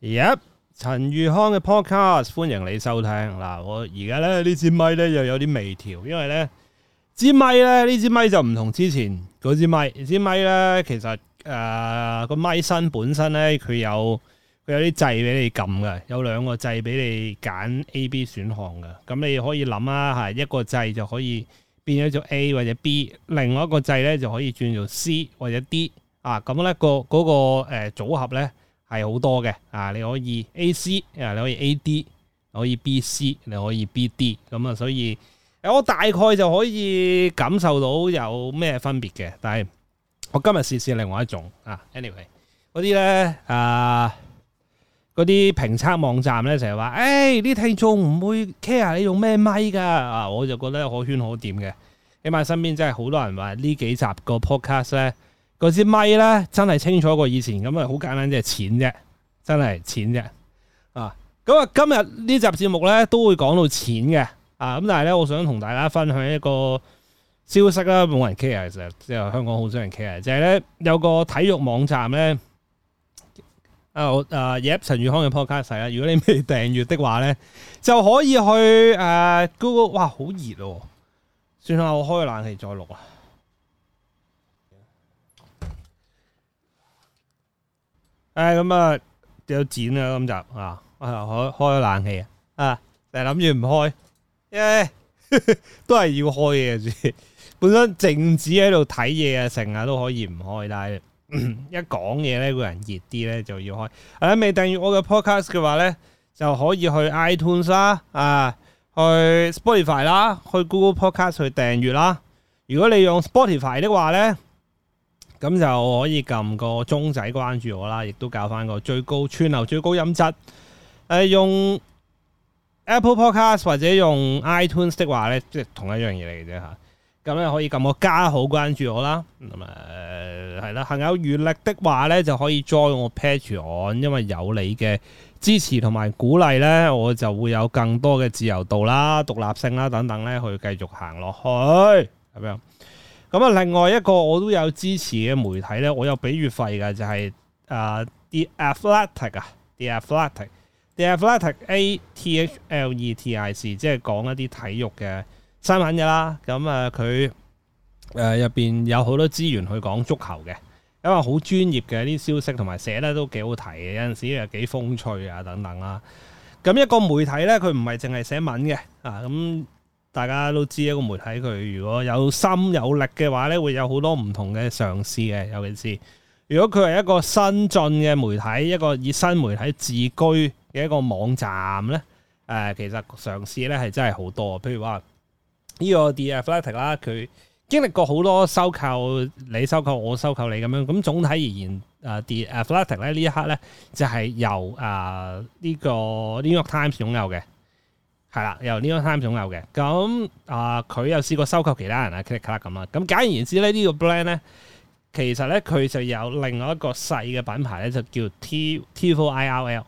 yep 陳宇康嘅 podcast，歡迎你收聽嗱。現在我而家咧呢支咪咧又有啲微調，因為咧支咪咧呢支咪就唔同之前嗰支咪。支咪咧其實誒個咪身本身咧佢有佢有啲掣俾你撳嘅，有兩個掣俾你揀 A、B 選項嘅。咁你可以諗啊，一個掣就可以變咗做 A 或者 B，另外一個掣咧就可以轉做 C 或者 D 啊。咁、那、咧個、嗰個誒、呃、組合咧。係好多嘅，啊你可以 A C 啊你可以 A D 可以 B C 你可以 B D 咁啊，所以我大概就可以感受到有咩分別嘅。但係我今日試試另外一種，anyway, 那些啊，anyway 嗰啲咧啊嗰啲評測網站咧成日話，誒、欸、啲聽眾唔會 care 你用咩咪㗎啊，我就覺得可圈可點嘅。起碼身邊真係好多人話呢幾集個 podcast 咧。嗰支咪咧真係清楚過以前，咁啊好簡單，即係錢啫，真係錢啫啊！咁啊，今日呢集節目咧都會講到錢嘅啊，咁但係咧，我想同大家分享一個消息啦，冇人 care 其實，即係香港好少人 care，就係、是、咧有個體育網站咧啊，我啊 Yap、嗯、陳宇康嘅 podcast、啊、如果你未訂閲的話咧，就可以去、啊、Google 哇。哇好熱哦、啊，算啦我開冷氣再錄啊！誒、哎，咁啊，有剪啦咁就，啊，開開冷氣啊，成日諗住唔開， 都係要開嘅。本身靜止喺度睇嘢啊，成日都可以唔開，但係、嗯、一講嘢咧，個人熱啲咧就要開。喺、啊、未訂閲我嘅 podcast 嘅話咧，就可以去 iTunes 啦，啊，去 Spotify 啦，去 Google Podcast 去訂閲啦。如果你用 Spotify 的話咧，咁就可以撳個鐘仔關注我啦，亦都搞返個最高串流、最高音質。誒、呃，用 Apple Podcast 或者用 iTunes 的話呢，即、就、係、是、同一樣嘢嚟嘅啫吓。咁、啊、咧可以撳個加號關注我啦。咁啊係啦，行有餘力的話呢，就可以 join 我 Patreon，因為有你嘅支持同埋鼓勵呢，我就會有更多嘅自由度啦、獨立性啦等等呢，繼去繼續行落去咁樣。咁啊，另外一個我都有支持嘅媒體咧，我有俾月費嘅，就係啊 The Athletic 啊 The Athletic The Athletic A T H L E T I C，即係講一啲體育嘅新聞嘅啦。咁啊，佢誒入邊有好多資源去講足球嘅，因為好專業嘅啲消息同埋寫得都幾好睇嘅，有陣時又幾風趣啊等等啦。咁一個媒體咧，佢唔係淨係寫文嘅啊咁。大家都知一個媒體，佢如果有心有力嘅話咧，會有好多唔同嘅嘗試嘅。尤其是如果佢係一個新進嘅媒體，一個以新媒體自居嘅一個網站咧、呃，其實嘗試咧係真係好多。譬如話呢、這個 The Athletic 啦，佢經歷過好多收購，你收購我收購，收購你咁樣。咁總體而言，誒 The Athletic 咧呢一刻咧就係由誒呢、呃這個 New York Times 擁有嘅。係啦，由 New Times 擁、呃、有嘅。咁啊，佢又試過收購其他人啊 Klik Klik 咁啊。咁簡而言之咧，呢、呢個 brand 咧，其實咧佢就有另外一個細嘅品牌咧，就叫 Tifo IRL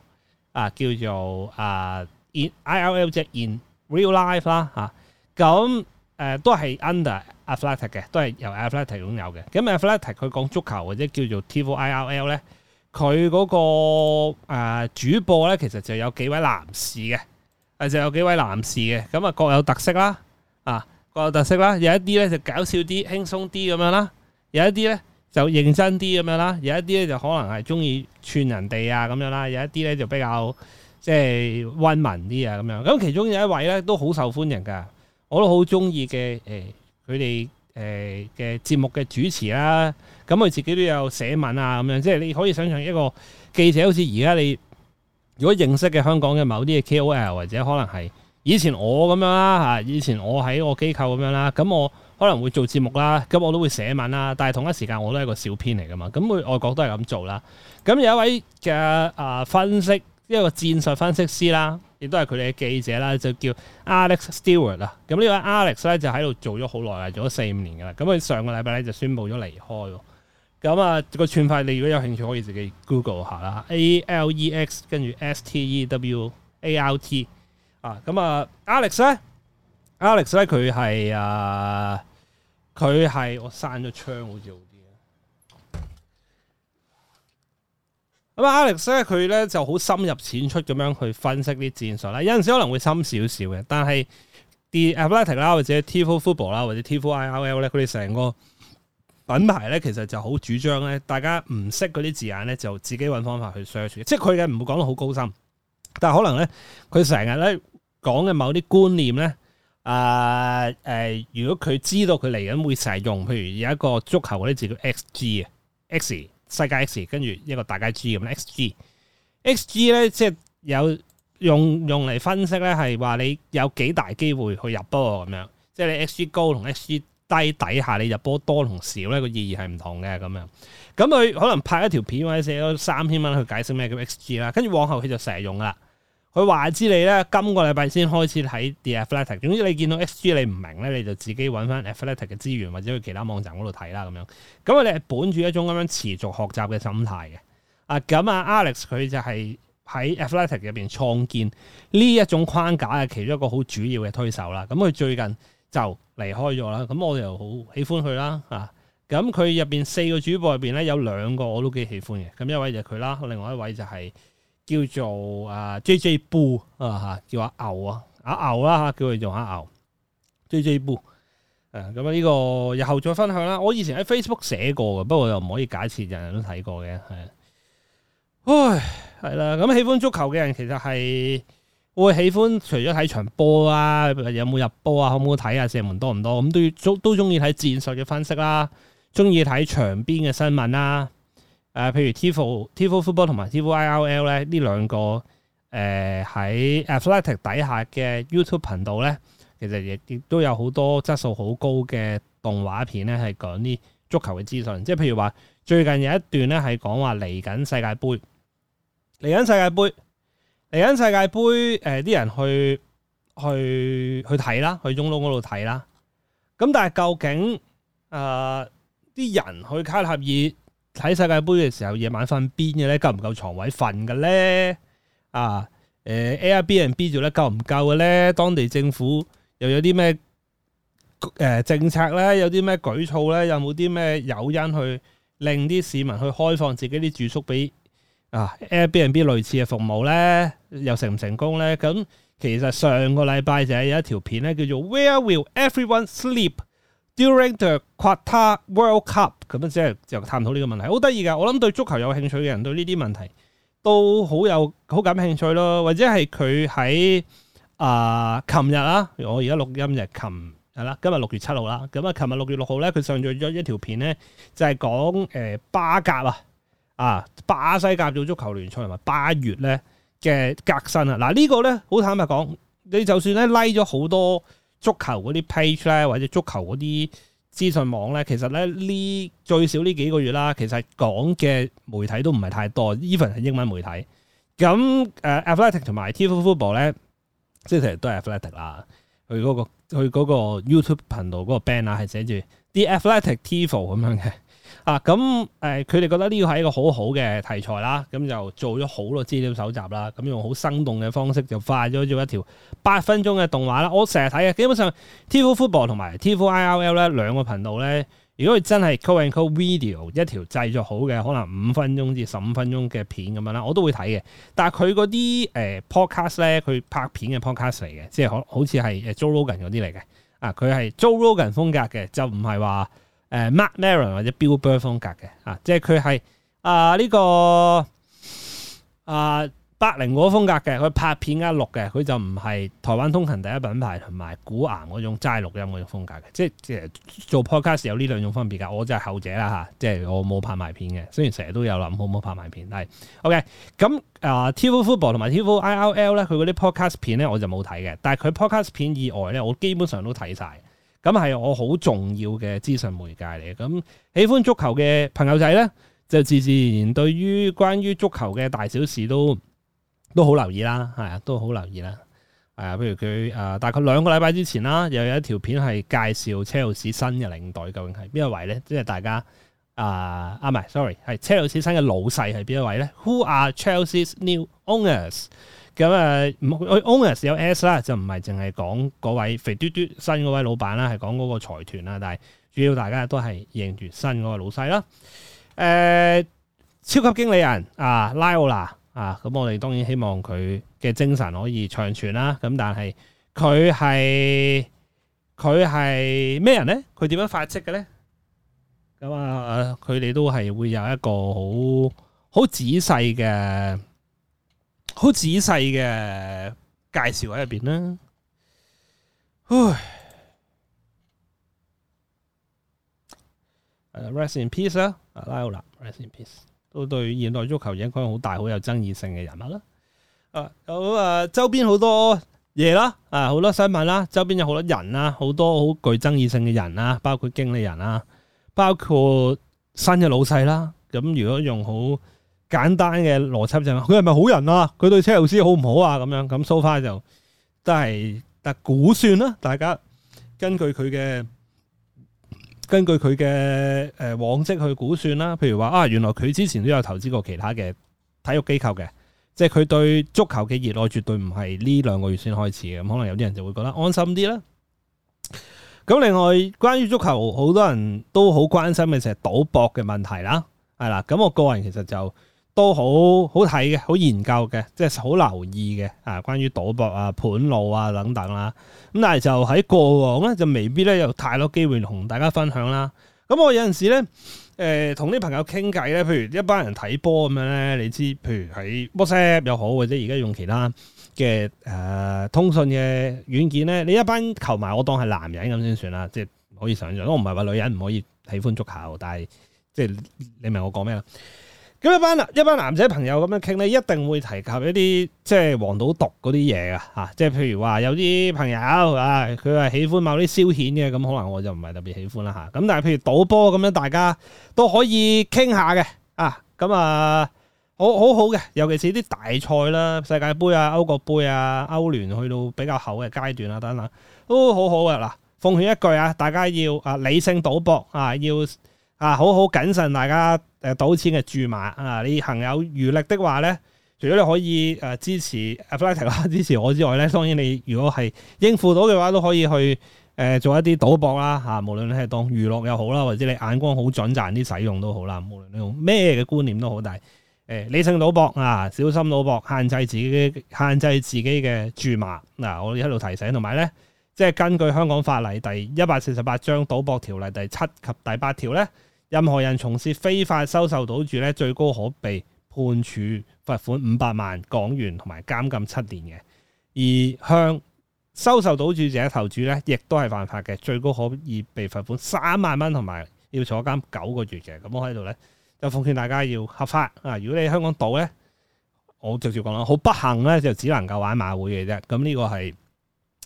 啊，叫做啊 In I R L 即 In Real Life 啦、啊、嚇。咁誒都係 under Athletic 嘅，都係由 Athletic 擁有嘅。咁 Athletic 佢講足球或者叫做 Tifo IRL 咧，佢嗰、嗰個、啊、主播咧，其實就有幾位男士嘅。係就有幾位男士嘅，咁啊各有特色啦，啊各有特色啦。有一啲咧就搞笑啲、輕鬆啲咁樣啦，有一啲咧就認真啲咁樣啦，有一啲咧就可能係中意串人哋啊咁樣啦，有一啲咧就比較即係、就是、溫文啲啊咁樣。咁其中有一位咧都好受歡迎㗎，我都好中意嘅。誒、呃，佢哋誒嘅節目嘅主持啦、啊，咁佢自己都有寫文啊咁樣，即、就、係、是、你可以想像一個記者好似而家你。如果認識嘅香港嘅某啲嘅 KOL 或者可能係以前我咁樣啦嚇，以前我喺個機構咁樣啦，咁我可能會做節目啦，咁我都會寫文啦，但係同一時間我都係一個小編嚟㗎嘛，咁佢外國都係咁做啦。咁有一位嘅啊分析一個戰術分析師啦，亦都係佢哋嘅記者啦，就叫 Alex Stewart 啊。咁呢位 Alex 咧就喺度做咗好耐啦，做咗四五年㗎啦。咁佢上個禮拜咧就宣布咗離開。咁啊，個串法你如果有興趣，可以自己 Google 下啦。A L E X 跟住 S T E W A R T 啊，咁啊 Alex 咧，Alex 咧佢係啊，佢係我閂咗窗好好，好似好啲。咁啊，Alex 咧佢咧就好深入淺出咁樣去分析啲戰術啦。有陣時可能會深少少嘅，但係 The Athletic 啦，或者 Tifo Football 啦，或者 Tifo IRL 咧，佢哋成個品牌咧，其實就好主張咧，大家唔識嗰啲字眼咧，就自己揾方法去 search。即係佢嘅唔會講得好高深，但係可能咧，佢成日咧講嘅某啲觀念咧，誒、呃、誒、呃，如果佢知道佢嚟緊會成日用，譬如有一個足球嗰啲字叫 XG 啊，X 世界 X，跟住一個大家 G 咁 XG，樣 XG，XG 咧即係有用用嚟分析咧，係話你有幾大機會去入波咁樣，即係你 XG 高同 XG。低底下你入波多同少咧，那個意義係唔同嘅咁樣，咁佢可能拍一條片或者寫咗三千蚊去解釋咩叫 XG 啦，跟住往後佢就成日用啦。佢話知你咧今個禮拜先開始喺 Athletic。總之你見到 XG 你唔明咧，你就自己揾翻 Athletic 嘅資源或者去其他網站嗰度睇啦咁樣。咁我哋係本住一種咁樣持續學習嘅心態嘅。啊，咁啊 Alex 佢就係喺 Athletic 入邊創建呢一種框架嘅其中一個好主要嘅推手啦。咁佢最近。就離開咗啦，咁我又好喜歡佢啦，啊，咁佢入邊四個主播入邊咧有兩個我都幾喜歡嘅，咁一位就佢啦，另外一位就係、是、叫做啊 JJ Boo，啊嚇，叫阿牛啊叫他叫阿牛啦嚇，叫佢做阿牛 JJ Boo，誒咁啊呢個日後再分享啦，我以前喺 Facebook 寫過嘅，不過又唔可以假設，人人都睇過嘅，係、啊、唉，係啦，咁喜歡足球嘅人其實係。我會喜歡除咗睇場波啊，有冇入波啊，好唔好睇啊，射門多唔多咁都要，都中意睇戰術嘅分析啦，中意睇場邊嘅新聞啦。誒、呃，譬如 t f Tifo Football 同埋 Tifo IRL 咧呢這兩個誒喺、呃、Athletic 底下嘅 YouTube 頻道咧，其實亦亦都有好多質素好高嘅動畫片咧，係講啲足球嘅資訊。即係譬如話最近有一段咧係講話嚟緊世界杯，嚟緊世界杯，嚟緊世界盃，誒、呃、啲人去去去睇啦，去中東嗰度睇啦。咁但係究竟誒啲、呃、人去卡塔爾睇世界盃嘅時候，夜晚瞓邊嘅咧？夠唔夠床位瞓嘅咧？啊誒 Airbnb 住得夠唔夠嘅咧？當地政府又有啲咩、呃、政策咧？有啲咩舉措咧？有冇啲咩誘因去令啲市民去開放自己啲住宿俾啊、ah, Airbnb 類似嘅服務咧，又成唔成功咧？咁其實上個禮拜就係有一條片咧，叫做 Where will everyone sleep during the Qatar World Cup？咁即係就探討呢個問題，好得意噶。我諗對足球有興趣嘅人，對呢啲問題都好有好感興趣咯。或者係佢喺啊，琴日啊，我而家錄音就係琴日啦。今日六月七號啦，咁啊琴日六月六號咧，佢上咗咗一條片咧，就係講誒巴甲啊。啊，巴西甲組足球聯賽同埋八月咧嘅革新啊！嗱、呢個、呢個咧，好坦白講，你就算咧拉咗好多足球嗰啲 page 咧，或者足球嗰啲資訊網咧，其實咧呢呢最少呢幾個月啦，其實講嘅媒體都唔係太多，even 係英文媒體。咁誒，Athletic 同埋 Tifo Football 咧，即係其實都係 Athletic 啦。佢嗰個、佢嗰個 YouTube 頻道嗰個 banner，係寫住啲 Athletic Tifo 咁樣嘅。啊，咁誒，佢哋覺得呢個係一個好好嘅題材啦，咁就做咗好多資料搜集啦，咁用好生動嘅方式就快咗做一條八分鐘嘅動畫啦。我成日睇嘅，基本上 Tifo Football 同埋 Tifo IRL 咧兩個頻道咧，如果佢真係 Co and Co Video 一條製作好嘅，可能五分鐘至十五分鐘嘅片咁樣啦，我都會睇嘅。但佢嗰啲 Podcast 咧，佢拍片嘅 Podcast 嚟嘅，即係可好似係 Joe Rogan 嗰啲嚟嘅，啊，佢係 Joe Rogan 風格嘅，就唔係話。誒、呃、Mark Maron 或者 Bill Burr 風格嘅嚇、啊，即係佢係啊呢個啊百靈果嗰個風格嘅，佢拍片一錄嘅，佢就唔係台灣通勤第一品牌同埋古岩嗰種齋錄音嗰種風格嘅，即係做 podcast 有呢兩種分別㗎，我就係後者啦嚇、啊，即係我冇拍埋片嘅，雖然成日都有諗好唔好拍埋片，但係 OK。咁啊 Tifo Football 同埋 Tifo IRL 咧，佢嗰啲 podcast 片咧我就冇睇嘅，但係佢 podcast 片以外咧，我基本上都睇晒。咁係我好重要嘅資訊媒介嚟嘅，咁喜歡足球嘅朋友仔咧，就自自然然對於關於足球嘅大小事都都好留意啦，係啊，都好留意啦，係啊，譬如佢、呃、大概兩個禮拜之前啦，又有，有一條片係介紹車路士新嘅領隊究竟係邊一位咧，即係大家、呃、啊啊唔係，sorry，係車路士新嘅老細係邊一位咧？Who are Chelsea's new owners？咁啊 owners 有 S 啦，就唔係淨係講嗰位肥嘟嘟新嗰位老闆啦，係講嗰個財團啦。但係主要大家都係認住新嗰個老細啦。誒、呃，超級經理人啊，拉奧娜啊，咁我哋當然希望佢嘅精神可以長存啦。咁但係佢係佢係咩人咧？佢點樣發跡嘅咧？咁啊，呃、佢哋都係會有一個好好仔細嘅好仔細嘅介紹喺入邊啦，唉，誒，rest in peace 啦，啊，拉奧納，rest in peace，都對現代足球影響好大好有爭議性嘅人物，啊，啦，啊，咁啊，周邊好多嘢啦，啊，啊，好多新聞啦，啊，周邊有好多人啦，啊，好多好具爭議性嘅人啦，啊，包括經理人啦，啊，包括新嘅老細啦，啊，咁如果用好簡單嘅邏輯就係，佢係咪好人啊？佢對車路士好唔好啊？咁樣咁 so far 就都係，但係，但係估算啦，大家根據佢嘅根據佢嘅誒往績去估算啦。譬如話啊，原來佢之前都有投資過其他嘅體育機構嘅，即係佢對足球嘅熱愛絕對唔係呢兩個月先開始嘅。咁、嗯、可能有啲人就會覺得安心啲啦。咁另外關於足球，好多人都好關心嘅就係賭博嘅問題啦。係啦，咁我個人其實就～都好好睇嘅，好研究嘅，即係好留意嘅啊！關於賭博啊、盤路啊等等啦、啊，咁但係就喺過往咧，就未必咧有太多機會同大家分享啦。咁、嗯、我有陣時咧，誒、呃，同啲朋友傾偈咧，譬如一班人睇波咁樣咧，你知，譬如喺 WhatsApp 又好，或者而家用其他嘅誒、呃、通訊嘅軟件咧，你一班球迷，我當係男人咁先算啦，即係可以想象。我唔係話女人唔可以喜歡足球，但係即係你明我講咩啦？咁一班一班男仔朋友咁樣傾咧，一定會提及一啲即係黃賭毒嗰啲嘢噶嚇，即係譬如話有啲朋友啊，佢係喜歡某啲消遣嘅，咁可能我就唔係特別喜歡啦嚇。咁、啊、但係譬如賭波咁樣，大家都可以傾下嘅啊。咁啊，好好好嘅，尤其是啲大賽啦、世界盃啊、歐國杯啊、歐聯去到比較後嘅階段啊，等等都好好嘅嗱、啊。奉勸一句啊，大家要啊理性賭博啊，要。啊，好好謹慎大家誒賭錢嘅注碼啊！你行有餘力的話咧，除咗你可以誒支持 Affiliate 啦、支持我之外咧，當然你如果係應付到嘅話，都可以去誒、呃、做一啲賭博啦嚇、啊。無論你係當娛樂又好啦，或者你眼光好準賺啲使用都好啦。無論你用咩嘅觀念都好，但係、啊，理性賭博啊，小心賭博，限制自己嘅，限制自己嘅注碼嗱、啊。我哋喺度提醒，同埋咧，即係根據香港法例第一百四十八章賭博條例第七及第八條咧。任何人從事非法收受賭注咧，最高可被判處罰款五百萬港元同埋監禁七年嘅；而向收受賭注者投注咧，亦都係犯法嘅，最高可以被罰款三萬蚊同埋要坐監九個月嘅。咁我喺度咧就奉勸大家要合法啊！如果你喺香港賭咧，我直接講啦，好不幸咧就只能夠玩馬會嘅啫。咁呢個係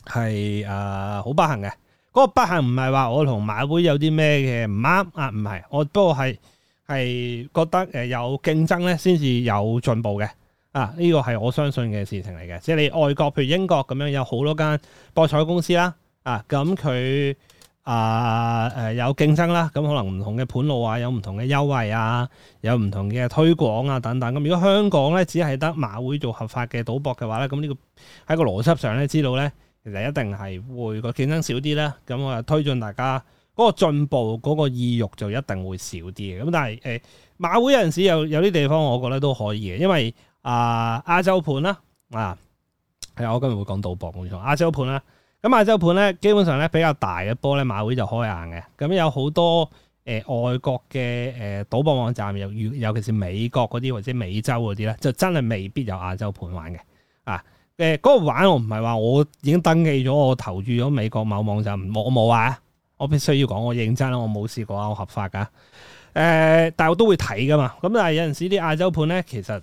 係呃好不幸嘅。嗰個不幸唔係話我同馬會有啲咩嘅唔啱啊？唔係，我不過係係覺得誒有競爭咧，先至有進步嘅啊！呢個係我相信嘅事情嚟嘅。即係你外國，譬如英國咁樣，有好多間博彩公司啦，啊咁佢啊誒有競爭啦，咁可能唔同嘅盤路啊，有唔同嘅優惠啊，有唔同嘅推廣啊等等。咁、啊、如果香港咧只係得馬會做合法嘅賭博嘅話咧，咁呢個喺個邏輯上咧知道咧。其實一定係會個競爭少啲啦。咁啊，推進大家嗰、那個進步嗰、那個意欲就一定會少啲嘅。咁但係誒、欸，馬會有陣時候有有啲地方，我覺得都可以嘅，因為、呃、亞洲啊，亞洲盤啦啊，係啊，我今日會講賭博，冇錯，亞洲盤啦、啊。咁亞洲盤咧，基本上咧比較大嘅波咧，馬會就開眼嘅。咁有好多誒、呃、外國嘅誒賭博網站，尤尤其是美國嗰啲或者美洲嗰啲咧，就真係未必有亞洲盤玩嘅啊。誒、呃，嗰、那個玩我唔係話我已經登記咗，我投注咗美國某網站，我冇啊！我必須要講，我認真啦，我冇試過啊，我合法㗎。誒、呃，但係我都會睇㗎嘛。咁但係有陣時啲亞洲盤咧，其實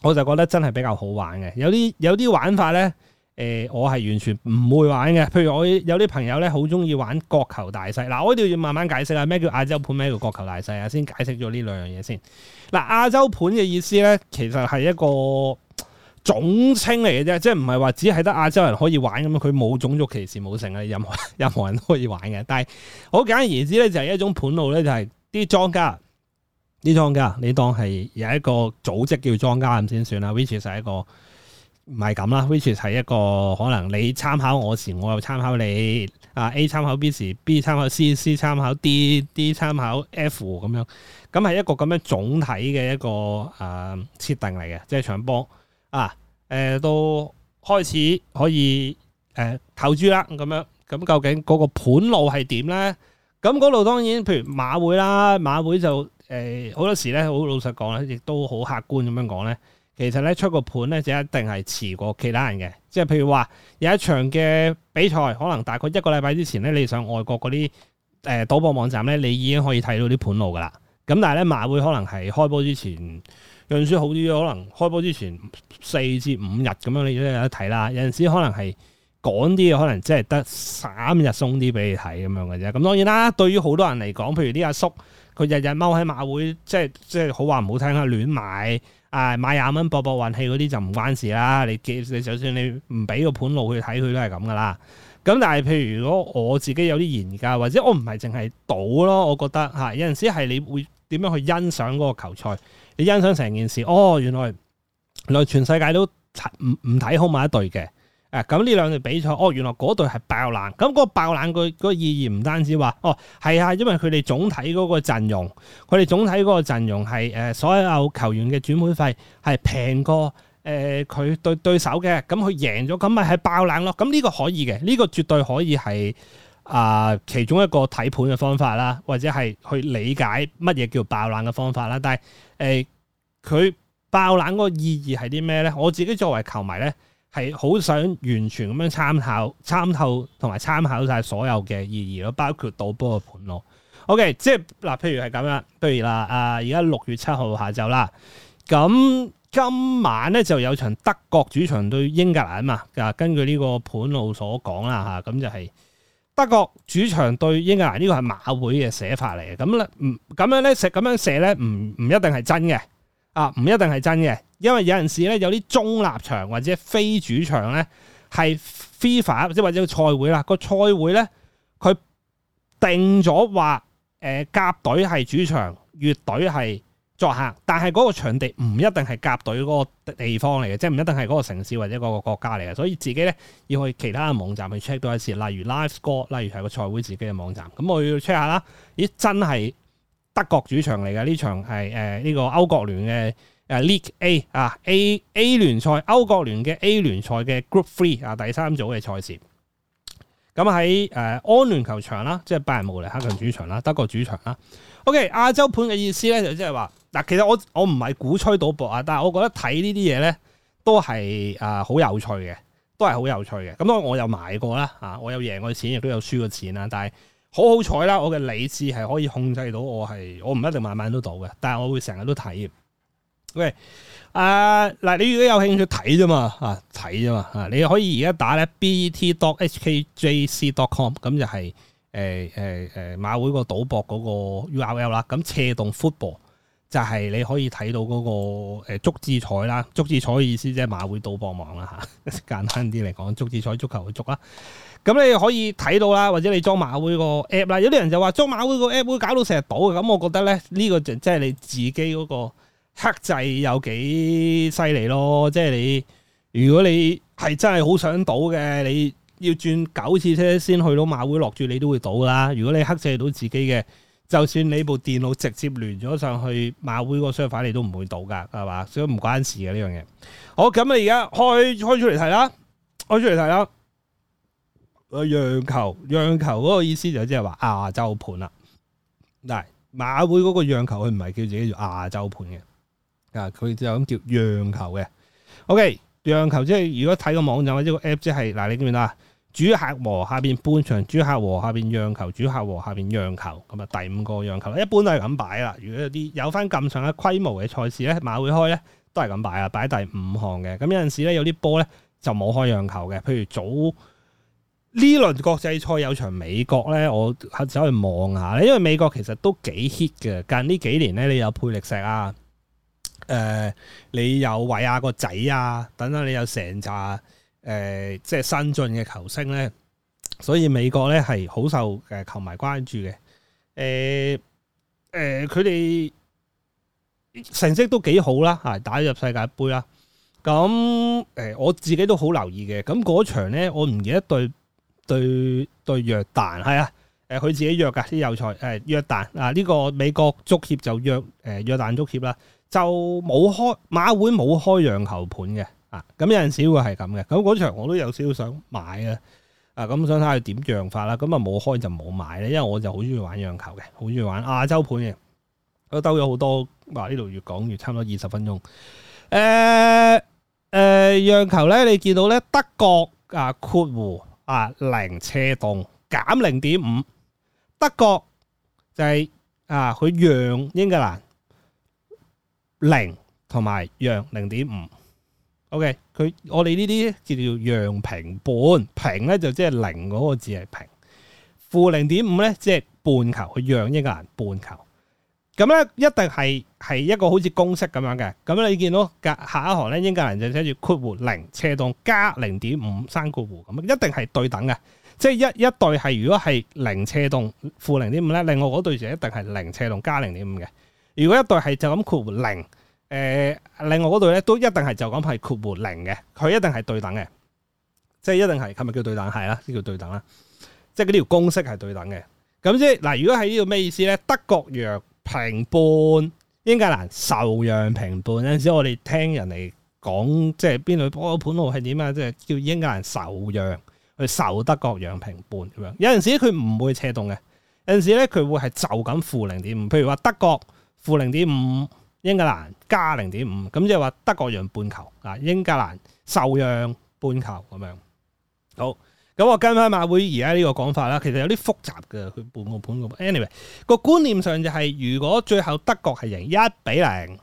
我就覺得真係比較好玩嘅。有啲有啲玩法咧，誒、呃，我係完全唔會玩嘅。譬如我有啲朋友咧，好鍾意玩國球大細呃。嗱，我一定要慢慢解釋啦。咩叫亞洲盤？咩叫國球大細啊？先解釋咗呢兩樣嘢先。嗱、呃，亞洲盤嘅意思咧，其實係一個。總稱嚟嘅啫，即係唔係話只係得亞洲人可以玩咁樣。佢冇種族歧視，冇成啊！任何任何人都可以玩嘅。但係好簡而言之咧，就係一種盤路咧，就是，就係啲莊家，啲莊家你當係有一個組織叫莊家咁先算啦。Which 係一個唔係咁啦，Which 係一個可能你參考我時，我又參考你啊。A 參考 B 時，B 參考 C，C 參考 D，D 參考 F 咁樣，咁係一個咁樣總體嘅一個誒、呃、設定嚟嘅，即係場波。啊、呃，到開始可以誒、呃、投注啦，咁樣，咁究竟嗰個盤路係點咧？咁嗰度當然，譬如馬會啦，馬會就、呃、好多時咧，好老實講咧，亦都好客觀咁樣講咧。其實咧，出個盤咧，就一定係遲過其他人嘅。即係譬如話，有一場嘅比賽，可能大概一個禮拜之前咧，你上外國嗰啲誒賭博網站咧，你已經可以睇到啲盤路㗎喇。咁但係咧，馬會可能係開波之前。印刷好啲，可能開波之前四至五日咁樣，你都有得睇啦。有陣時可能係趕啲，可能即係得三日送啲俾你睇咁樣嘅啫。咁當然啦，對於好多人嚟講，譬如啲阿叔、叔，佢日日踎喺馬會，即係即係好話唔好聽啦，亂買，啊、買廿蚊搏搏運氣嗰啲就唔關事啦。你你就算你唔俾個盤路去睇，佢都係咁噶啦。咁但係譬如如果我自己有啲研究，或者我唔係淨係賭咯，我覺得吓、啊、有陣時係你會點樣去欣賞嗰個球賽。你欣賞成件事，哦，原來原來全世界都唔唔睇好某一隊嘅，誒，咁呢兩隊比賽，哦，原來嗰隊係爆冷，咁個爆冷個意義唔單止話，哦，係啊，因為佢哋總體嗰個陣容，佢哋總體嗰個陣容係誒、呃、所有球員嘅轉會費係平過誒佢、呃、對對手嘅，咁佢贏咗，咁咪係爆冷咯，咁呢個可以嘅，呢、這個絕對可以係。啊、呃，其中一個睇盤嘅方法啦，或者係去理解乜嘢叫爆冷嘅方法啦。但係誒，佢、呃、爆冷嗰個意義係啲咩咧？我自己作為球迷咧，係好想完全咁樣參考、參透同埋參考晒所有嘅意義咯，包括賭波嘅盤咯。OK，即係嗱、呃，譬如係咁樣，譬如啦，啊、呃，而家六月七號下晝啦，咁今晚咧就有場德國主場對英格蘭嘛？啊，根據呢個盤路所講啦嚇，咁就係、是。德國主場對英格蘭，呢個係馬會嘅寫法嚟嘅。咁咧唔咁樣咧寫，咁樣寫咧唔唔，一定係真嘅，啊，唔一定係真嘅，因為有陣時咧有啲中立場或者非主場咧係 FIFA 即係或者個賽會啦，個賽會咧佢定咗話誒甲隊係主場，乙隊係。作客，但係嗰個場地唔一定係甲隊嗰個地方嚟嘅，即係唔一定係嗰個城市或者嗰個國家嚟嘅，所以自己咧要去其他嘅網站去 check 多一次，例如 LiveScore，例如係個賽會自己嘅網站。咁我要 check 下啦，咦，真係德國主場嚟嘅呢場係誒呢個歐國聯嘅誒 League A 啊 A A 聯賽，歐國聯嘅 A 聯賽嘅 Group Three 啊第三組嘅賽事。咁喺誒安聯球場啦，即係拜仁慕尼黑嘅主場啦，德國主場啦。OK，亞洲盤嘅意思咧就即係話。嗱，其實我我唔係鼓吹賭博啊，但係我覺得睇呢啲嘢咧都係啊好有趣嘅，都係好有趣嘅。咁當我又買過啦，啊，我有贏過錢，亦都有輸過錢啦。但係好好彩啦，我嘅理智係可以控制到我係，我唔一定晚晚都賭嘅。但係我會成日都睇。喂，okay，啊，啊，嗱，你如果有興趣睇啫嘛，啊，睇啫嘛，啊，你可以而家打咧 bet.hkjc.com，咁就係誒誒誒馬會個賭博嗰個 URL 啦。咁斜動 football。就係、是、你可以睇到嗰個誒足智彩啦，足智彩嘅意思即係馬會賭博網啦嚇，簡單啲嚟講，足智彩足球嘅足啦。咁你可以睇到啦，或者你裝馬會個 app 啦，有啲人就話裝馬會個 app 會搞到成日賭嘅。咁我覺得咧，呢個就即係你自己嗰個克制有幾犀利咯。即係你如果你係真係好想賭嘅，你要轉九次車先去到馬會落注，你都會賭啦。如果你克制到自己嘅。就算你部電腦直接連咗上去馬會個商販，你都唔會賭噶，係嘛？所以唔關事嘅呢樣嘢。好，咁啊，而家開開出嚟睇啦，開出嚟睇啦。讓球，讓球嗰個意思就即係話亞洲盤啦。嗱，馬會嗰個讓球，佢唔係叫自己亞盤叫亞洲盤嘅，啊，佢就咁叫讓球嘅。O K，讓球即係如果睇個網站或者、個 app，即係嗱，你見唔見啊？主客和下邊半場，主客和下邊讓球，主客和下邊讓球，咁啊第五個讓球，一般都係咁擺啦。如果有啲有翻咁上下規模嘅賽事咧，馬會開咧都係咁擺啊，擺第五項嘅。咁有陣時咧，有啲波咧就冇開讓球嘅，譬如早呢輪國際賽有場美國咧，我走去望下，因為美國其實都幾 hit 嘅，近呢幾年咧你有佩力石啊，誒、呃、你有韋亞個仔啊，等等你有成扎。誒，即係新進嘅球星咧，所以美國咧係好受誒球迷關注嘅。誒、呃，誒、呃，佢哋成績都幾好啦，吓打入世界盃啦。咁誒、呃，我自己都好留意嘅。咁嗰場咧，我唔記得對對對約旦係啊。誒，佢自己約噶啲友賽，誒約旦啊呢、這個美國足協就約誒約旦足協啦，就冇開馬會冇開讓球盤嘅。咁、啊、有陣時會係咁嘅，咁嗰場我都有少少想買嘅、啊，啊，咁、啊啊、想睇下點讓法啦，咁啊冇、啊、開就冇買呢？因為我就好中意玩讓球嘅，好中意玩亞洲盤嘅，都兜咗好多，哇！呢度越講越差唔多二十分鐘，誒、啊、誒、啊，讓球咧，你見到咧德國啊括弧啊零車動減零點五，德國，啊啊、德國就係、是、啊佢讓英格蘭零同埋讓零點五。O.K. 佢我哋呢啲叫做讓平半平咧，就即係零嗰，那個字係平負零點五咧，即係半球，佢讓英格蘭半球，咁咧一定係係一個好似公式咁樣嘅。咁你見到隔下一行咧，英格蘭就寫住括弧零斜動加零點五三括弧，咁一定係對等嘅，即係一一對係，如果係零斜動負零點五咧，另外嗰對就一定係零斜動加零點五嘅。如果一對係就咁括弧零。誒、呃，另外嗰度咧都一定係就咁係括弧零嘅，佢一定係對等嘅，即係一定係係咪叫對等係啦？呢叫對等啦，即係呢條公式係對等嘅。咁即係嗱，如果喺呢度咩意思咧？德國讓平半，英格蘭受讓平半。有陣時我哋聽人嚟講，即係邊度？波盤路係點啊？即係叫英格蘭受讓去受德國讓平半。咁樣。有陣時佢唔會扯動嘅，有陣時咧佢會係就咁負零點五。譬如話德國負零點五。英格蘭加零點五，咁即係話德國讓半球，啊英格蘭受讓半球咁樣。好，咁我跟翻馬會而家呢個講法啦，其實有啲複雜嘅，佢半個盤個。Anyway，個觀念上就係、是、如果最後德國係贏一比零，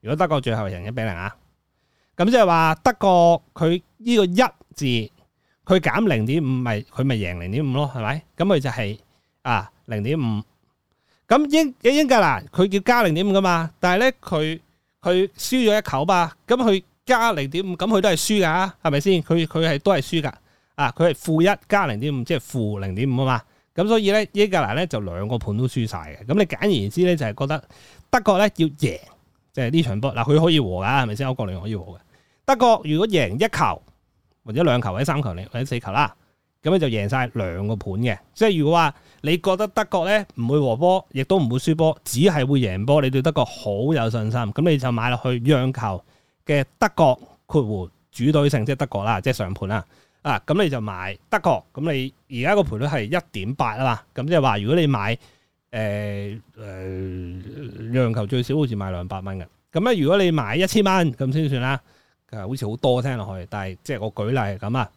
如果德國最後係贏一比零、就是、啊，咁即係話德國佢呢個一字，佢減零點五咪佢咪贏零點五咯，係咪？咁佢就係啊零點五。咁英英格蘭佢叫加零點五噶嘛，但係咧佢佢輸咗一球嘛，咁佢加零點五，咁佢都係輸噶，係咪先？佢佢係都係輸噶，啊，佢係負一加零點五，即係負零點五啊嘛。咁所以咧，英格蘭咧就兩個盤都輸晒嘅。咁你簡而言之咧，就係覺得德國咧要贏，即係呢場波。嗱，佢可以和噶，係咪先？歐國聯可以和嘅。德國如果贏一球或者兩球或者三球零或者四球啦，咁你就贏晒兩個盤嘅。即係如果話。你覺得德國咧唔會和波，亦都唔會輸波，只係會贏波。你對德國好有信心，咁你就買落去讓球嘅德國括弧主隊勝，即係德國啦，即係上盤啦。啊，咁你就買德國。咁你而家個賠率係一點八啊嘛。咁即係話如果你買誒誒、呃、讓球最少好似買兩百蚊嘅。咁咧如果你買一千蚊咁先算啦。佢好似好多聽落去，但係即係我舉例係咁啊。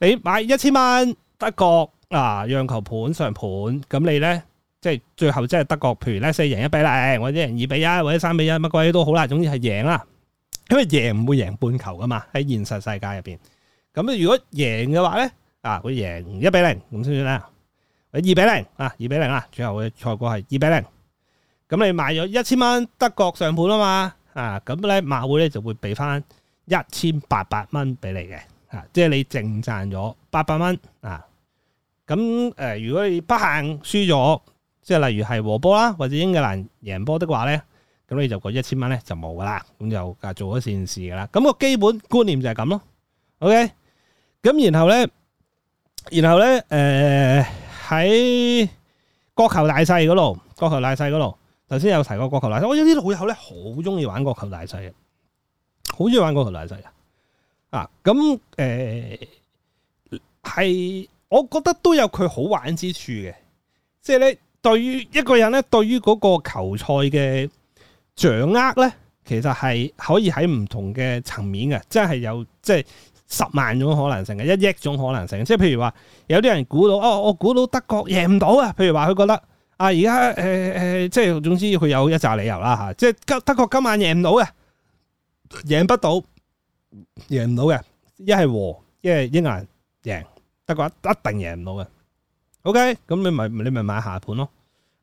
你買一千蚊德國。啊，讓球盤上盤，咁你咧即係最後即係德國賠咧，譬如四贏一比零，或者贏二比一，或者三比一，乜鬼都好啦，總之係贏啦。因為贏唔會贏半球噶嘛，喺現實世界入邊。咁如果贏嘅話咧，啊，會贏一比零，咁算唔算咧？二比零啊，二比零啊，最後嘅賽果係二比零。咁你賣咗一千蚊德國上盤啊嘛，啊，咁咧馬會咧就會俾翻一千八百蚊俾你嘅，啊，即係你淨賺咗八百蚊啊。咁誒，如果你不幸輸咗，即係例如係和波啦，或者英格蘭贏波的話咧，咁你就個一千蚊咧就冇噶啦，咁就誒做咗善事噶啦。咁個基本觀念就係咁咯。OK，咁然後咧，然後咧，誒、呃、喺國球大細嗰度，國球大細嗰度，頭先有提過國球大細，我有啲老友咧好中意玩國球大細嘅，好中意玩國球大細嘅。啊，咁誒係。呃我覺得都有佢好玩之處嘅，即係咧，對於一個人咧，對於嗰個球賽嘅掌握咧，其實係可以喺唔同嘅層面嘅，即係有即係十萬種可能性嘅，一億種可能性。即係譬如話，有啲人估到哦，我估到德國贏唔到啊！譬如話佢覺得啊，而家誒誒，即係總之佢有一紮理由啦吓，即係今德國今晚贏唔到嘅，贏不到，贏唔到嘅，一係和，一係英格蘭贏。得嘅一定贏唔到嘅。O K，咁你咪你咪買下盤咯。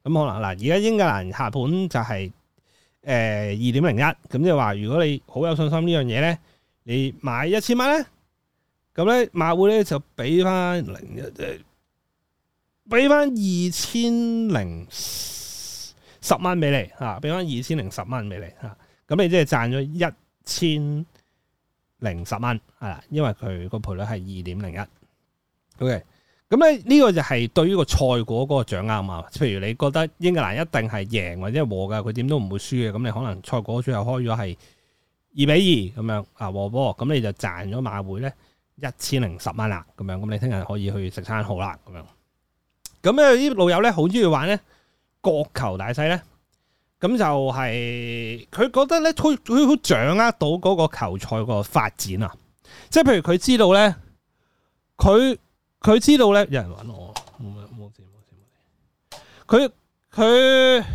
咁可能嗱，而家英格蘭下盤就係誒二點零一。咁即係話，如果你好有信心呢樣嘢咧，你買一千蚊咧，咁咧馬會咧就俾翻、呃，俾翻二千零十蚊俾你嚇，俾翻二千零十蚊俾你嚇。咁、啊你，啊、你即係賺咗一千零十蚊嚇，因為佢個賠率係二點零一。O.K. 咁咧呢個就係對於個賽果嗰個掌握啊嘛，譬如你覺得英格蘭一定係贏或者和噶，佢點都唔會輸嘅，咁你可能賽果最後開咗係二比二咁樣啊和波，咁你就賺咗馬會咧一千零十蚊啦，咁樣咁你聽日可以去食餐好啦，咁樣。咁咧啲老友咧好中意玩咧國球大細咧，咁就係、是、佢覺得咧佢佢好掌握到嗰個球賽個發展啊，即係譬如佢知道咧佢。他佢知道咧，有人揾我冇乜冇錢冇錢冇。佢佢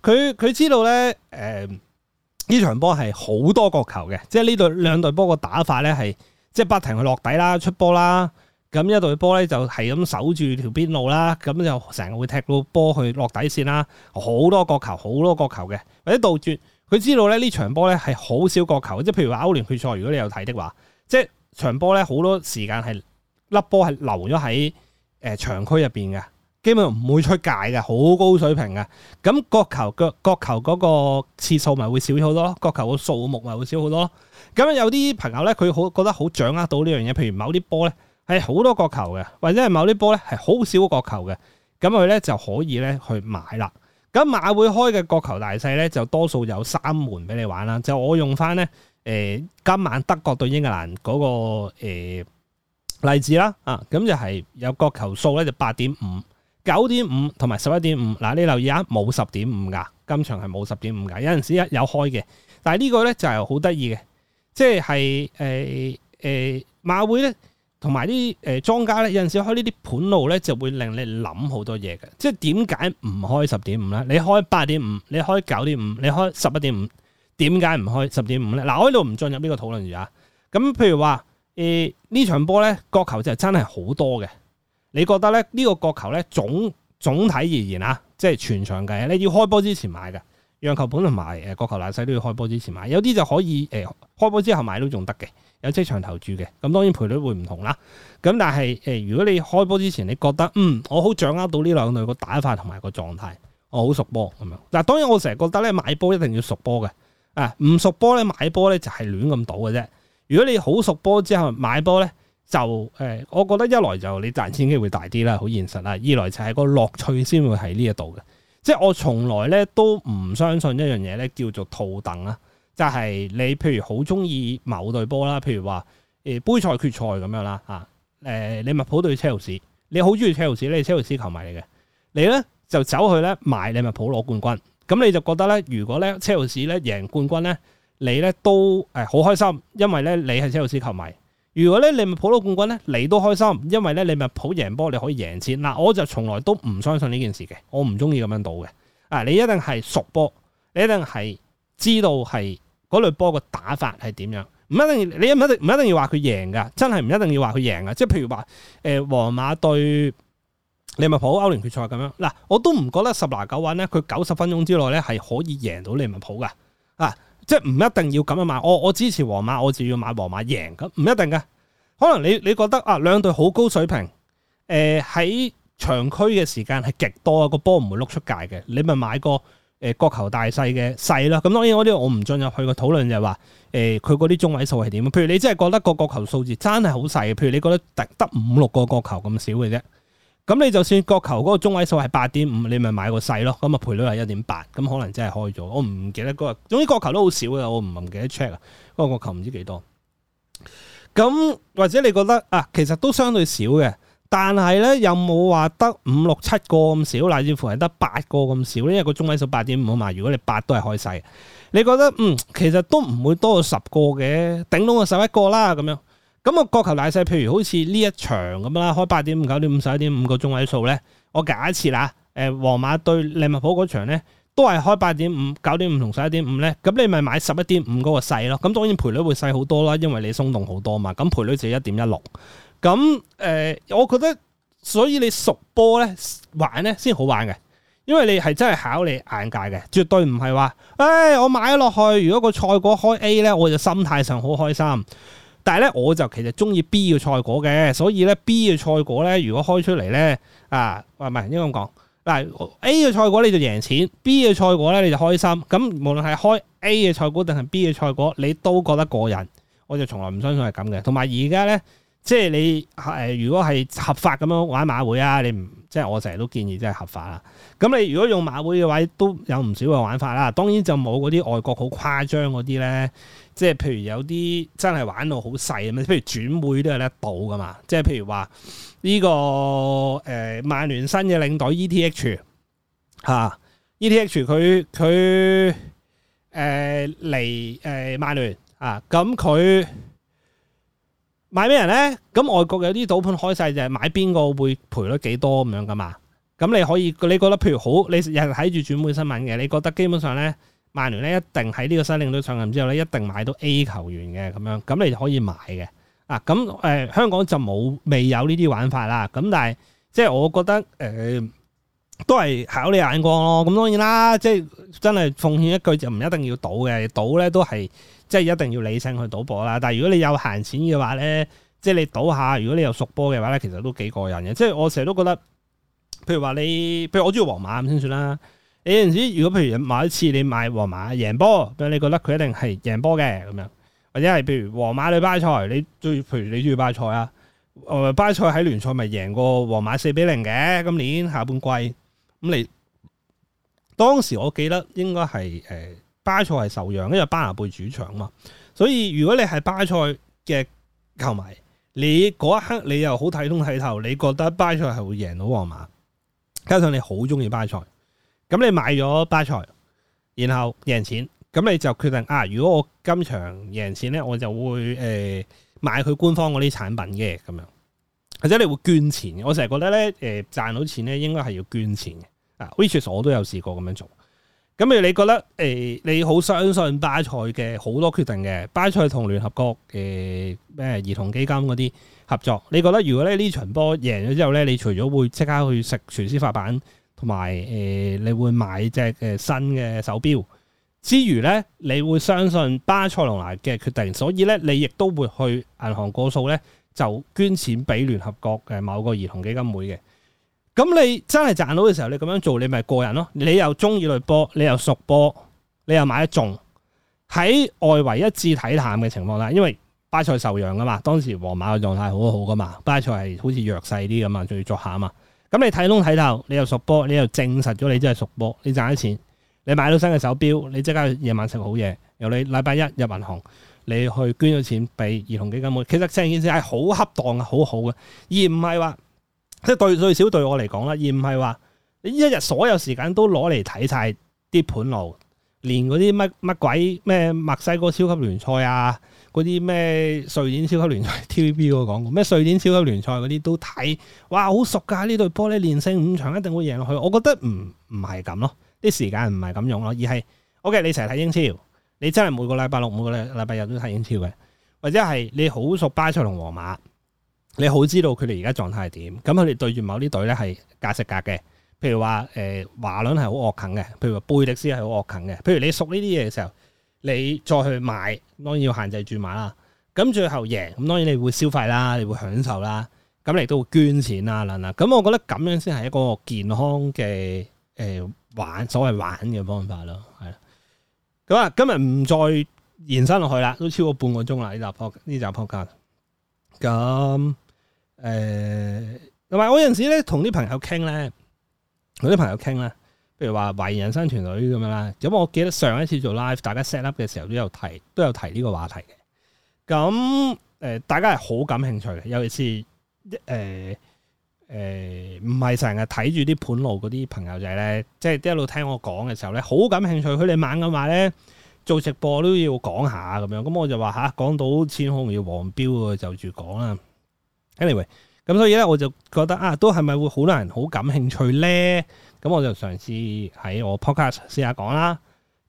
佢佢知道咧，誒，呢場波係好多角球嘅，即係呢隊兩隊波個打法咧係即係不停去落底啦、出波啦，咁一隊波咧就係咁守住條邊路啦，咁就成日會踢到波去落底線啦，好多角球、好多角球嘅或者杜絕。佢知道咧呢場波咧係好少角球，即係譬如話歐聯決賽，如果你有睇的話。即係場波咧，好多時間係粒波係留咗喺誒場區入面嘅，基本上唔會出界嘅，好高水平嘅。咁角球嘅角球嗰個次數咪會少咗好多，角球個數目咪會少好多。咁有啲朋友咧，佢好覺得好掌握到呢樣嘢，譬如某啲波咧係好多角球嘅，或者係某啲波咧係好少角球嘅，咁佢咧就可以咧去買啦。咁馬會開嘅角球大細咧，就多數有三門俾你玩啦。就我用翻咧。誒、呃、今晚德國對英格蘭嗰、那個、呃、例子啦，啊咁就係有個球數咧就八點五、九點五同埋十一點五。嗱，你留意下，冇十點五㗎，今場係冇十點五㗎。有陣時啊有開嘅，但係呢個咧就係好得意嘅，即係誒誒馬會咧，同埋啲誒莊家咧，有陣時開呢啲盤路咧就會令你諗好多嘢嘅。即係點解唔開十點五咧？你開八點五，你開九點五，你開十一點五。點解唔開十點五咧？嗱，我喺度唔進入呢個討論住啊。咁譬如話，呃、場呢場波咧，角球就真係好多嘅。你覺得咧呢、呢個角球咧總總體而言啊，即係全場計，你要開波之前買嘅，讓球盤同埋角球大細都要開波之前買。有啲就可以誒、呃、開波之後買都仲得嘅，有即場投注嘅。咁當然賠率會唔同啦。咁但係、呃、如果你開波之前你覺得嗯我好掌握到呢兩隊個打法同埋個狀態，我好熟波咁樣。嗱，但當然我成日覺得咧買波一定要熟波嘅。啊，唔熟波咧，買波咧就係亂咁賭嘅啫。如果你好熟波之後買波咧，就誒、哎，我覺得一來就你賺錢機會大啲啦，好現實啦；二來就係個樂趣先會喺呢一度嘅。即係我從來咧都唔相信一樣嘢咧叫做套戥啦就係、是、你譬如好中意某隊波啦，譬如話誒杯賽決賽咁樣啦，你誒利物浦對車路士，你好中意車路士，你車路士球迷嚟嘅，你咧就走去咧買利物浦攞冠軍。咁你就覺得咧，如果咧車路士咧贏冠軍咧，你咧都誒好開心，因為咧你係車路士球迷。如果咧你咪普到冠軍咧，你都開心，因為咧你咪普贏波，你可以贏錢。嗱、啊，我就從來都唔相信呢件事嘅，我唔中意咁樣賭嘅。啊，你一定係熟波，你一定係知道係嗰類波個打法係點樣，唔一定要你唔一定唔一定要話佢贏㗎，真係唔一定要話佢贏㗎。即係譬如話誒，皇馬對。利物浦歐聯決賽咁樣，嗱，我都唔覺得十拿九穩咧。佢九十分鐘之內咧係可以贏到利物浦噶。啊，即係唔一定要咁樣買。我我支持皇馬，我就要買皇馬贏。咁唔一定嘅，可能你你覺得啊，兩隊好高水平，誒、呃，喺長區嘅時間係極多啊，個波唔會碌出界嘅。你咪買個誒、呃、角球大細嘅細咯。咁當然嗰啲我唔進入去個討論就係、是、話，誒、呃，佢嗰啲中位數係點啊？譬如你真係覺得那個角球數字真係好細，譬如你覺得得得五六個角球咁少嘅啫。咁你就算角球嗰個中位數係八點五，你咪買個細咯，咁啊賠率係一點八，咁可能真係開咗。我唔記得嗰日，總之角球都好少嘅，我唔記得 check 嗰個角球唔知幾多。咁或者你覺得啊，其實都相對少嘅，但係呢，又有冇話得五六七個咁少，乃至乎係得八個咁少呢，因為個中位數八點五啊嘛，如果你八都係開細，你覺得嗯，其實都唔會多過十個嘅，頂到啊十一個啦咁樣。咁我國球大細，譬如好似呢一場咁啦，開八點五、九點五、十一點五個中位數呢。我假設啦。誒，皇馬對利物浦嗰場呢，都係開八點五、九點五同十一點五呢。咁你咪買十一點五嗰個細咯。咁當然賠率會細好多啦，因為你鬆動好多嘛。咁賠率就一點一六。咁、呃、誒，我覺得所以你熟波呢玩呢先好玩嘅，因為你係真係考你眼界嘅，絕對唔係話誒我買咗落去，如果個賽果開 A 呢，我就心態上好開心。但係咧，我就其實中意 B 嘅賽果嘅，所以咧 B 嘅賽果咧，如果開出嚟咧，啊，唔係應該咁講，嗱 A 嘅賽果你就贏錢，B 嘅賽果咧你就開心，咁無論係開 A 嘅賽果定係 B 嘅賽果，你都覺得過癮。我就從來唔相信係咁嘅。同埋而家咧，即係你、呃、如果係合法咁樣玩馬會啊，你唔～即係我成日都建議，即係合法啦。咁你如果用馬會嘅話，都有唔少嘅玩法啦。當然就冇嗰啲外國好誇張嗰啲咧。即係譬如有啲真係玩到好細咁，譬如轉會都係得賭㗎嘛。即係譬如話呢、呢個誒、欸、曼聯新嘅領隊 ETH 嚇、啊，ETH 佢佢誒嚟誒、呃、曼聯啊，咁佢。買咩人呢？咁外國有啲賭盤開晒就係、是、買邊個會賠率幾多咁樣噶嘛？咁你可以你覺得譬如好，你日日睇住轉會新聞嘅，你覺得基本上呢，曼聯呢一定喺呢個新領隊上任之後呢，一定買到 A 球員嘅咁樣，咁你就可以買嘅。啊，咁、嗯、誒香港就冇未有呢啲玩法啦。咁但係即係我覺得誒、呃、都係考你眼光咯。咁當然啦，即係真係奉勸一句就唔一定要賭嘅，賭呢都係。即係一定要理性去賭博啦。但係如果你有閒錢嘅話咧，即係你賭下。如果你有熟波嘅話咧，其實都幾過癮嘅。即係我成日都覺得，譬如話你，譬如我中意皇馬咁先算啦。你有陣時，如果譬如有一次你買皇馬贏波，譬如你覺得佢一定係贏波嘅咁樣，或者係譬如皇馬對巴塞，你最譬如你中意巴塞啊，誒，巴塞喺聯賽咪贏過皇馬四比零嘅今年下半季咁。你當時我記得應該係誒。呃巴塞係受讓，因為巴拿貝主場嘛，所以如果你係巴塞嘅球迷，你嗰一刻你又好睇通睇透，你覺得巴塞係會贏到皇馬，加上你好中意巴塞，咁你買咗巴塞，然後贏錢，咁你就決定啊，如果我今場贏錢咧，我就會誒、呃、買佢官方嗰啲產品嘅咁樣，或者你會捐錢，我成日覺得咧誒賺到錢咧應該係要捐錢嘅，啊，which 我都有試過咁樣做。咁如如你覺得、欸、你好相信巴塞嘅好多決定嘅，巴塞同聯合國嘅咩、欸、兒童基金嗰啲合作，你覺得如果咧呢場波贏咗之後咧，你除咗會即刻去食廚師發辦，同埋、欸、你會買隻新嘅手錶之餘咧，你會相信巴塞羅那嘅決定，所以咧你亦都會去銀行過數咧就捐錢俾聯合國嘅某個兒童基金會嘅。咁你真係賺到嘅時候，你咁樣做，你咪個人咯。你又中意類波，你又熟波，你又買得中，喺外圍一致睇淡嘅情況啦。因為巴塞受讓噶嘛，當時皇馬嘅狀態好好噶嘛，巴塞係好似弱勢啲咁啊，仲要作下啊嘛。咁你睇通睇透，你又熟波，你又證實咗你真係熟波，你賺咗錢，你買到新嘅手錶，你即刻夜晚食好嘢。由你禮拜一入銀行，你去捐咗錢俾兒童基金會，其實成件事係好恰當啊，好好嘅，而唔係話。即、就、係、是、最最少對我嚟講啦，而唔係話你一日所有時間都攞嚟睇晒啲盤路，連嗰啲乜乜鬼咩墨西哥超級聯賽啊，嗰啲咩瑞典超級聯賽，TVB 嗰個咩瑞典超級聯賽嗰啲都睇，哇好熟噶呢隊波咧，連勝五場一定會贏落去，我覺得唔唔係咁咯，啲時間唔係咁用咯，而係 O.K. 你成日睇英超，你真係每個禮拜六每個禮禮拜日都睇英超嘅，或者係你好熟巴塞隆和馬。你好知道佢哋而家狀態係點？咁佢哋對住某啲隊咧係格食格嘅。譬如話，誒、呃、華倫係好惡啃嘅，譬如話貝迪斯係好惡啃嘅。譬如你熟呢啲嘢嘅時候，你再去買，當然要限制注碼啦。咁最後贏，咁當然你會消費啦，你會享受啦，咁你都會捐錢啦，嗱。咁我覺得咁樣先係一個健康嘅誒、呃、玩，所謂玩嘅方法咯，係啦。咁啊，今日唔再延伸落去啦，都超過半個鐘啦。呢集波呢集波咁。誒、呃，同埋我有陣時咧，同啲朋友傾咧，同啲朋友傾呢，譬如話懷疑人生團隊咁樣啦。咁我記得上一次做 live，大家 set up 嘅時候都有提，都有提呢個話題嘅。咁誒、呃，大家係好感興趣嘅，尤其是誒誒，唔係成日睇住啲盤路嗰啲朋友仔咧，即、就、係、是、一路聽我講嘅時候咧，好感興趣。佢哋猛咁話咧，做直播都要講下咁樣。咁我就話吓，講、啊、到錢空要黃標啊，就住講啦。Anyway，咁所以咧，我就覺得啊，都係咪會好多人好感興趣咧？咁我就嘗試喺我 podcast 試下講啦。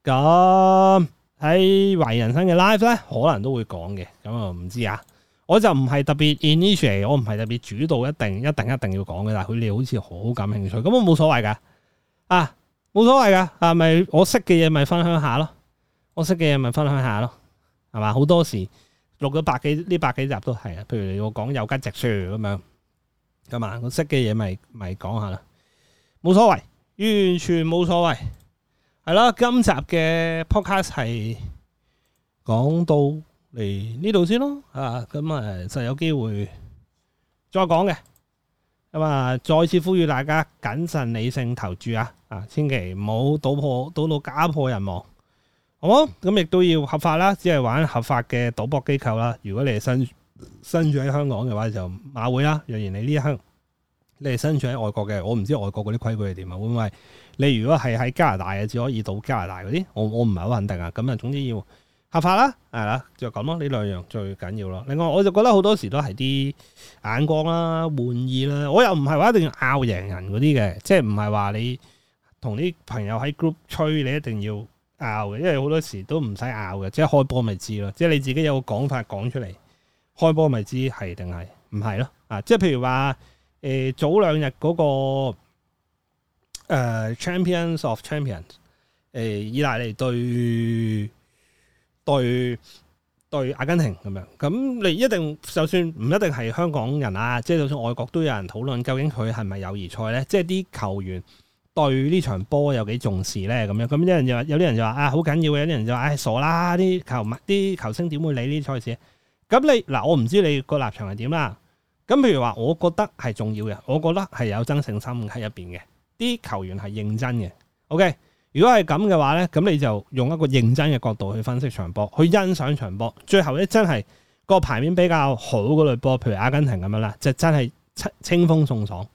咁喺懷疑人生嘅 live 咧，可能都會講嘅。咁啊，唔知啊，我就唔係特別 initiate，我唔係特別主導，一定一定一定要講嘅。但係佢哋好似好感興趣，咁我冇所謂㗎。啊，冇所謂㗎，係咪我識嘅嘢咪分享下咯？我識嘅嘢咪分享下咯，係嘛？好多時。錄咗百幾呢百幾集都係啊，譬如你講有吉直樹咁樣，咁啊，我識嘅嘢，咪咪講下啦，冇所謂，完全冇所謂，係啦，今集嘅 podcast 係講到嚟呢度先咯，啊，咁啊，就有機會再講嘅，咁啊，再次呼籲大家謹慎理性投注啊，啊，千祈唔好賭破賭到家破人亡。好，咁亦都要合法啦，只係玩合法嘅賭博機構啦。如果你係身身處喺香港嘅話，就馬會啦。若然你呢一刻，你係身處喺外國嘅，我唔知外國嗰啲規矩係點啊。會唔會你如果係喺加拿大嘅，只可以賭加拿大嗰啲？我我唔係好肯定啊。咁啊，總之要合法啦，係啦，就咁咯。呢兩樣最緊要咯。另外，我就覺得好多時都係啲眼光啦、玩意啦，我又唔係話一定要拗贏人嗰啲嘅，即係唔係話你同啲朋友喺 group 吹，你一定要。拗嘅，因為好多時都唔使拗嘅，即係開波咪知咯。即係你自己有個講法講出嚟，開波咪知係定係唔係咯？啊，即係譬如話，誒、呃、早兩日嗰、個、呃、Champions of Champions，誒意大利對對對阿根廷咁樣，咁你一定就算唔一定係香港人啊，即係就算外國都有人討論，究竟佢係咪友誼賽咧？即係啲球員，對呢場波有幾重視咧？咁樣咁，有人就話，有啲人就話啊，好緊要嘅；有啲人就話，唉，傻啦，啲球啲球星點會理呢啲賽事？咁你嗱，我唔知你個立場係點啦。咁譬如話，我覺得係重要嘅，我覺得係有爭勝心喺入邊嘅，啲球員係認真嘅。OK，如果係咁嘅話咧，咁你就用一個認真嘅角度去分析場波，去欣賞場波。最後咧，真係個排面比較好嗰類波，譬如阿根廷咁樣啦，就真係清清風送爽。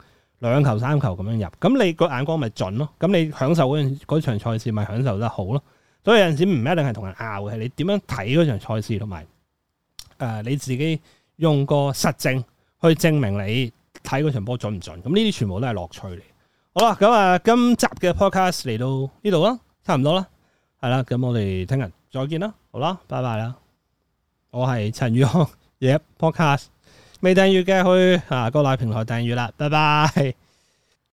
兩球三球咁樣入，咁你個眼光咪準咯？咁你享受嗰場賽事咪享受得好咯？所以有陣時唔一定係同人拗嘅，你點樣睇嗰場賽事，同埋誒你自己用個實證去證明你睇嗰場波準唔準？咁呢啲全部都係樂趣嚟。好啦，咁啊，今集嘅 podcast 嚟到呢度啦，差唔多啦，係啦，咁我哋聽日再見啦，好啦，拜拜啦，我係陳宇康 e、yeah, podcast。未訂閱嘅去啊、各類平台訂閱啦，拜拜。